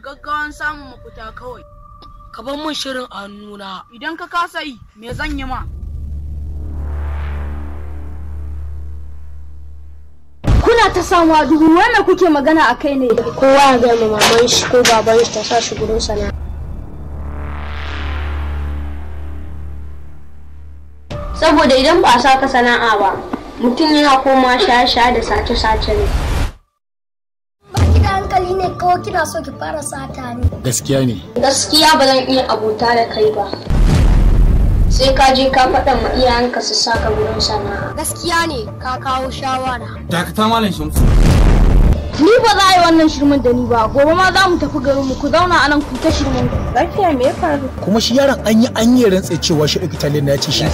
gaggawan samun mafita kawai. Ka min shirin a hannuna. Idan ka kasa yi, me zan yi ma? Kuna ta samuwa duhu wannan kuke magana a kai ne. Kowa ya gaya maman shi ko baban shi ta sa shi gurin sana'a. Saboda idan ba a sa ka sana'a ba, mutum yana koma sha-sha da sace-sace ne. hankali ne ko kina so ki fara sata ne gaskiya ne gaskiya ba zan iya abota da kai ba sai ka je ka faɗa ma iyayenka su saka gurin sana'a gaskiya ne ka kawo shawara dakata malam shamsu ni ba za a yi wannan shirman da ni ba gobe ma za mu tafi garin mu ku zauna a nan ku ta shirman ku lafiya me ya faru kuma shi yaron an yi an yi rantse cewa shi ɗauki taliya na ce shi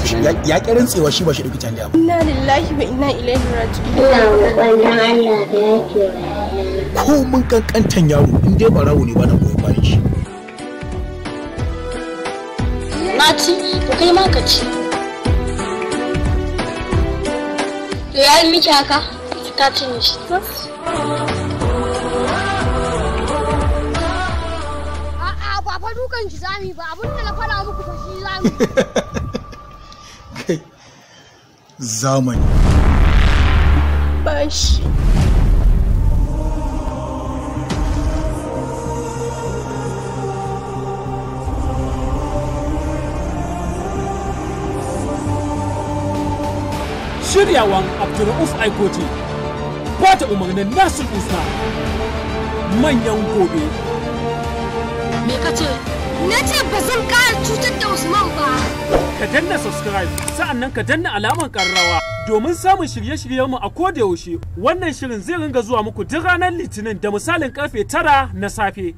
ya ƙi rantsewa shi ba shi ɗauki taliya ba inna lillahi wa inna ilaihi raji'un ina roƙon Allah da yake ko mun kankantan yaro in dai rawo ne ba na goyon bayan shi na ci to kai ma ka ci to ya yi miki haka ka ci ne shi a'a ba fa dukan ki zami ba abin da na fara muku fa shi zami zamani bashi shiryawan abdulrauf aikoti ba ta umarnin nasu isa manyan gobe me ka ce na ce ba zan ƙara cutar da usman ba ka danna subscribe sa'annan ka danna alamar karrawa domin samun shirye-shiryenmu a kodayaushe wannan shirin zai ringa zuwa muku duk ranar litinin da misalin karfe tara na safe